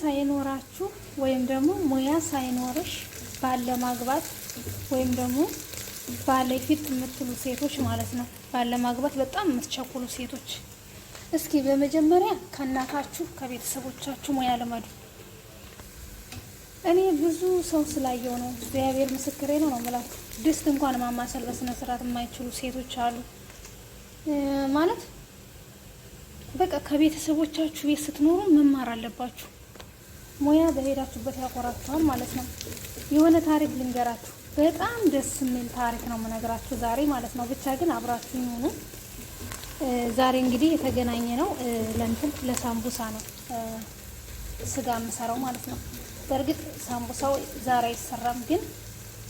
ሳይኖራችሁ ወይም ደግሞ ሙያ ሳይኖርሽ ባል ለማግባት ወይም ደግሞ ባለፊት የምትሉ ሴቶች ማለት ነው። ባል ለማግባት በጣም የምትቸኩሉ ሴቶች እስኪ በመጀመሪያ ከእናታችሁ ከቤተሰቦቻችሁ ሙያ ልመዱ። እኔ ብዙ ሰው ስላየው ነው፣ እግዚአብሔር ምስክሬ ነው ነው ምላት። ድስት እንኳን ማማሰል በስነ ስርዓት የማይችሉ ሴቶች አሉ ማለት በቃ ከቤተሰቦቻችሁ ቤት ስትኖሩ መማር አለባችሁ። ሙያ በሄዳችሁበት ያቆራችኋል ማለት ነው። የሆነ ታሪክ ልንገራችሁ። በጣም ደስ የሚል ታሪክ ነው የምነግራችሁ ዛሬ ማለት ነው። ብቻ ግን አብራችሁ የሆኑ ዛሬ እንግዲህ የተገናኘ ነው ለእንትን ለሳምቡሳ ነው ስጋ የምሰራው ማለት ነው። በእርግጥ ሳምቡሳው ዛሬ አይሰራም፣ ግን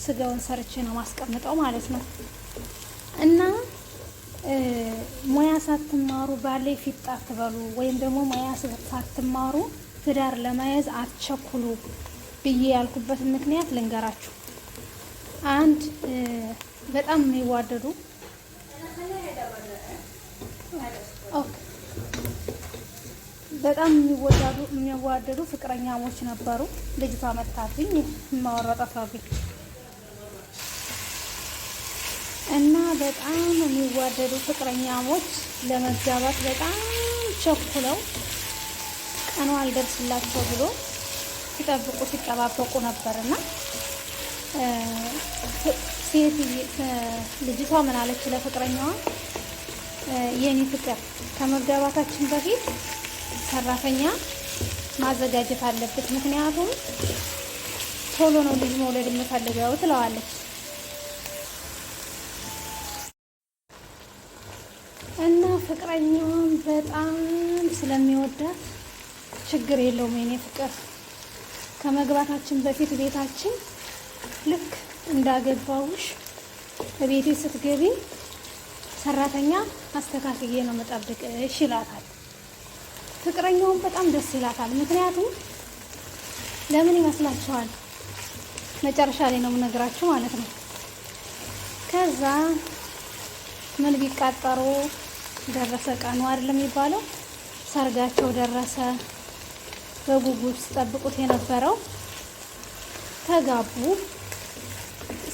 ስጋውን ሰርቼ ነው ማስቀምጠው ማለት ነው። እና ሙያ ሳትማሩ ባሌ ፊት አትበሉ፣ ወይም ደግሞ ሙያ ሳትማሩ ትዳር ለመያዝ አትቸኩሉ ብዬ ያልኩበትን ምክንያት ልንገራችሁ። አንድ በጣም የሚዋደዱ በጣም የሚወዳዱ የሚዋደዱ ፍቅረኛሞች ነበሩ። ልጅቷ መታብኝ የማወራው ጠፋብኝ እና በጣም የሚዋደዱ ፍቅረኛሞች ለመጋባት በጣም ቸኩለው ቀኑ አልደርስላቸው ብሎ ሲጠብቁ ሲጠባበቁ ነበርና ሴት ልጅቷ ምን አለች ለፍቅረኛዋ የኔ ፍቅር ከመጋባታችን በፊት ሰራተኛ ማዘጋጀት አለበት፣ ምክንያቱም ቶሎ ነው ልጅ መውለድ የምፈልገው ትለዋለች። እና ፍቅረኛዋን በጣም ስለሚወዳት ችግር የለውም የኔ ፍቅር። ከመግባታችን በፊት ቤታችን ልክ እንዳገባውሽ በቤቴ ስትገቢ ሰራተኛ አስተካክዬ ነው መጠብቅሽ ይላታል። ፍቅረኛውን በጣም ደስ ይላታል። ምክንያቱም ለምን ይመስላችኋል? መጨረሻ ላይ ነው የምነግራችሁ ማለት ነው። ከዛ ምን ቢቃጠሩ ደረሰ ቀኑ አይደለም የሚባለው ሰርጋቸው ደረሰ። በጉጉት ሲጠብቁት የነበረው ተጋቡ።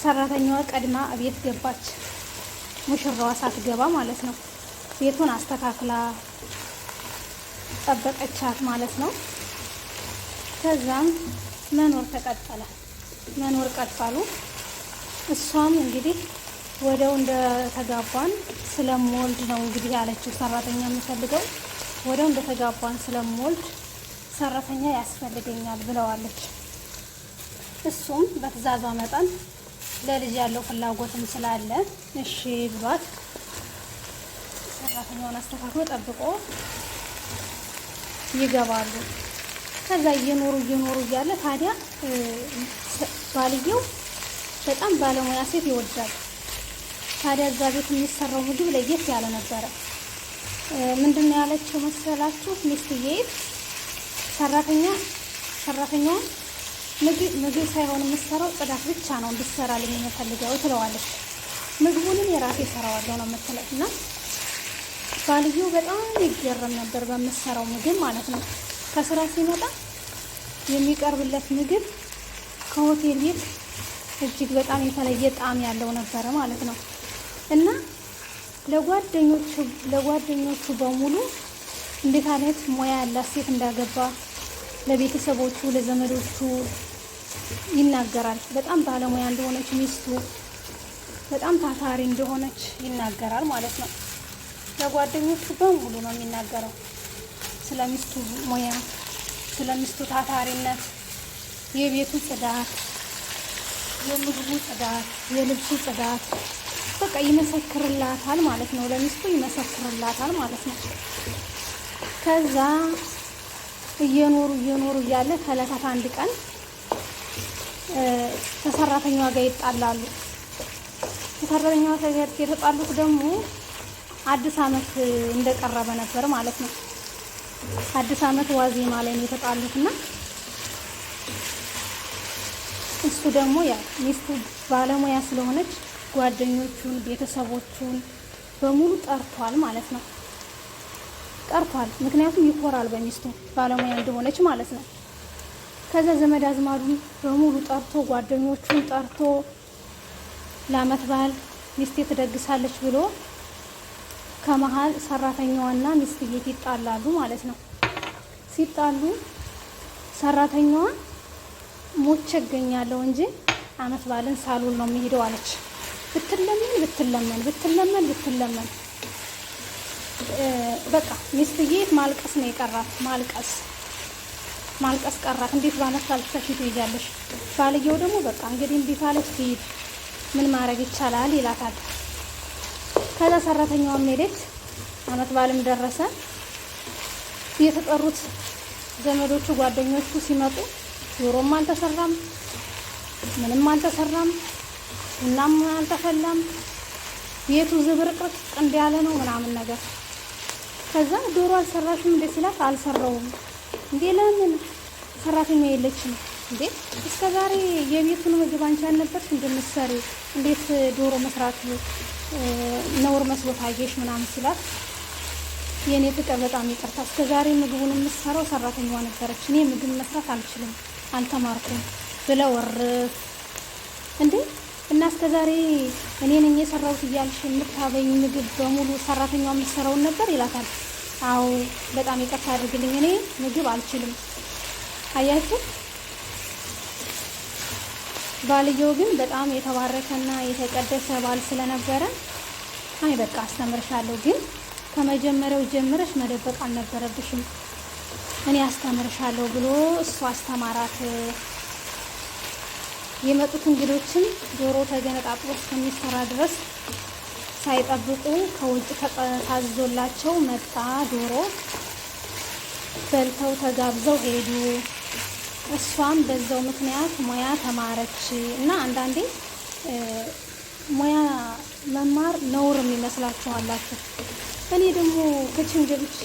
ሰራተኛዋ ቀድማ ቤት ገባች፣ ሙሽራዋ ሳትገባ ማለት ነው። ቤቱን አስተካክላ ጠበቀቻት ማለት ነው። ከዛም መኖር ተቀጠለ፣ መኖር ቀጠሉ። እሷም እንግዲህ ወደው እንደተጋባን ስለምወልድ ነው እንግዲህ ያለችው ሰራተኛ የምፈልገው ወደው እንደተጋባን ስለምወልድ ሰራተኛ ያስፈልገኛል ብለዋለች። እሱም በትዕዛዟ መጠን ለልጅ ያለው ፍላጎትም ስላለ እሺ ብሏት ሰራተኛውን አስተካክሎ ጠብቆ ይገባሉ። ከዛ እየኖሩ እየኖሩ እያለ ታዲያ ባልየው በጣም ባለሙያ ሴት ይወዳል። ታዲያ እዛ ቤት የሚሰራው ምግብ ለየት ያለ ነበረ። ምንድን ነው ያለችው መሰላችሁ ሚስትየት ሰራተኛ ሰራተኛዋ ምግብ ምግብ ሳይሆን የምትሰራው ጽዳት ብቻ ነው እንድትሰራልኝ የምፈልገው ትለዋለች። ምግቡንም የራሴ እሰራዋለሁ ነው የምትለው እና ባልየው በጣም ይገርም ነበር በምትሰራው ምግብ ማለት ነው። ከስራ ሲመጣ የሚቀርብለት ምግብ ከሆቴል ቤት እጅግ በጣም የተለየ ጣዕም ያለው ነበረ ማለት ነው እና ለጓደኞቹ ለጓደኞቹ በሙሉ እንዴት አይነት ሙያ ያላት ሴት እንዳገባ ለቤተሰቦቹ ለዘመዶቹ ይናገራል። በጣም ባለሙያ እንደሆነች ሚስቱ በጣም ታታሪ እንደሆነች ይናገራል ማለት ነው። ለጓደኞቹ በሙሉ ነው የሚናገረው ስለ ሚስቱ ሙያ፣ ስለ ሚስቱ ታታሪነት፣ የቤቱ ጽዳት፣ የምግቡ ጽዳት፣ የልብሱ ጽዳት በቃ ይመሰክርላታል ማለት ነው። ለሚስቱ ይመሰክርላታል ማለት ነው። ከዛ እየኖሩ እየኖሩ እያለ ከዕለታት አንድ ቀን ከሰራተኛዋ ጋር ይጣላሉ። ከሰራተኛዋ ጋር የተጣሉት ደግሞ አዲስ ዓመት እንደቀረበ ነበር ማለት ነው። አዲስ ዓመት ዋዜማ ላይ ነው የተጣሉትና እሱ ደግሞ ያ ሚስቱ ባለሙያ ስለሆነች ጓደኞቹን ቤተሰቦቹን በሙሉ ጠርቷል ማለት ነው። ቀርቷል። ምክንያቱም ይኮራል በሚስቱ ባለሙያ እንደሆነች ማለት ነው። ከዛ ዘመድ አዝማዱን በሙሉ ጠርቶ ጓደኞቹን ጠርቶ ለአመት በዓል ሚስቴ ትደግሳለች ብሎ ከመሀል ሰራተኛዋና ሚስትየት ይጣላሉ ማለት ነው። ሲጣሉ ሰራተኛዋ ሞቼ እገኛለሁ እንጂ አመት በዓልን ሳሉን ነው የሚሄደው አለች። ብትለመን ብትለመን ብትለመን ብትለመን በቃ ሚስትዬ ማልቀስ ነው የቀራት። ማልቀስ ማልቀስ ቀራት። እንዴት ባመታልሽ ተፊት ይያለሽ። ባልየው ደግሞ በቃ እንግዲህ እንዴት አለች ትሂድ፣ ምን ማድረግ ይቻላል ይላታል። ከዛ ሰራተኛዋም ሄደች። አመት በዓልም ደረሰ። የተጠሩት ዘመዶቹ ጓደኞቹ ሲመጡ ዶሮም አልተሰራም፣ ምንም አልተሰራም፣ ቡናም አልተፈላም። ቤቱ ዝብርቅርቅ እንዲያለ ነው ምናምን ነገር ከዛ ዶሮ አልሰራሽም እንደ ሲላት አልሰራውም እንዴ ለምን ሰራተኛ የለችም እንዴ እስከ ዛሬ የቤቱን ምግብ አንቺ አልነበርሽ እንደምትሰሪ እንዴት ዶሮ መስራት ነውር መስሎ ታየሽ ምናምን ሲላት የእኔ ፍቅር በጣም ይቅርታ እስከ ዛሬ ምግቡን የምትሰራው ሰራተኛዋ ነበረች እኔ ምግብ መስራት አልችልም አልተማርኩም ብለ ወርፍ እንዴ እና እስከ ዛሬ እኔ ነኝ የሰራሁት እያልሽ ምግብ በሙሉ ሰራተኛው የምትሰራውን ነበር ይላታል። አዎ በጣም ይቅርታ አድርግልኝ፣ እኔ ምግብ አልችልም። አያችሁ ባልየው ግን በጣም የተባረከና የተቀደሰ ባል ስለነበረ አይ በቃ አስተምርሻለሁ፣ ግን ከመጀመሪያው ጀምረሽ መደበቅ አልነበረብሽም፣ እኔ አስተምርሻለሁ ብሎ እሱ አስተማራት። የመጡት እንግዶችን ዶሮ ተገነጣጥሎ እስከሚሰራ ድረስ ሳይጠብቁ ከውጭ ታዝዞላቸው መጣ ዶሮ በልተው ተጋብዘው ሄዱ። እሷም በዛው ምክንያት ሙያ ተማረች እና አንዳንዴ ሙያ መማር ነውር የሚመስላችሁ አላችሁ። እኔ ደግሞ ክችን ገብቼ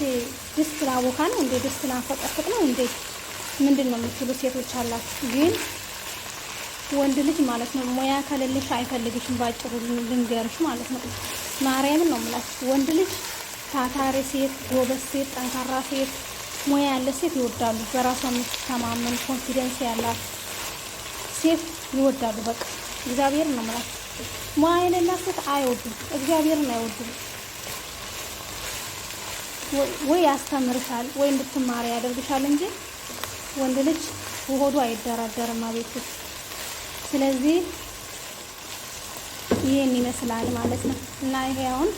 ድስት ላቦካ ነው እንዴ? ድስት ላንፈጠፍጥ ነው እንዴ? ምንድን ነው የምትሉ ሴቶች አላችሁ ግን ወንድ ልጅ ማለት ነው ሙያ ከሌለሽ አይፈልግሽም። ባጭሩ ልንገርሽ ማለት ነው። ማርያምን ነው የምላችሁ። ወንድ ልጅ ታታሪ ሴት፣ ጎበዝ ሴት፣ ጠንካራ ሴት፣ ሙያ ያለ ሴት ይወዳሉ። በራሷ የምትተማመን ኮንፊደንስ ያላት ሴት ይወዳሉ። በቃ እግዚአብሔር ነው የምላችሁ። ሙያ የሌላት ሴት አይወዱም፣ እግዚአብሔርን አይወዱም። ወይ ያስተምርሻል ወይ እንድትማሪ ያደርግሻል እንጂ ወንድ ልጅ ሆዱ አይደራደርም። አቤት ስለዚህ ይህን ይመስላል ማለት ነው እና ይሄ አሁን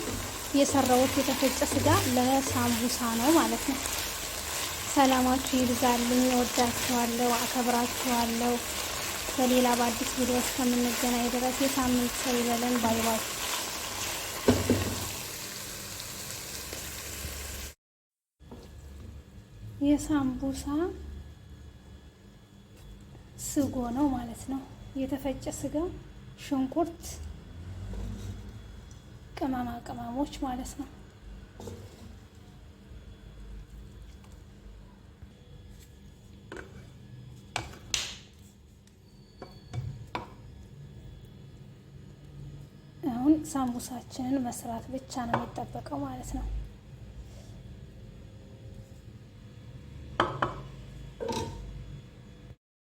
የሰራሁት የተፈጨ ስጋ ለሳምቡሳ ነው ማለት ነው። ሰላማችሁ ይብዛልኝ። ወዳችኋለሁ፣ አከብራችኋለሁ። በሌላ በአዲስ ቪዲዮ እስከምንገናኝ ድረስ የሳምንት ሰው ይበለን። ባይ ባይ። የሳምቡሳ ስጎ ነው ማለት ነው። የተፈጨ ስጋ፣ ሽንኩርት፣ ቅመማ ቅመሞች ማለት ነው። አሁን ሳምቡሳችንን መስራት ብቻ ነው የሚጠበቀው ማለት ነው።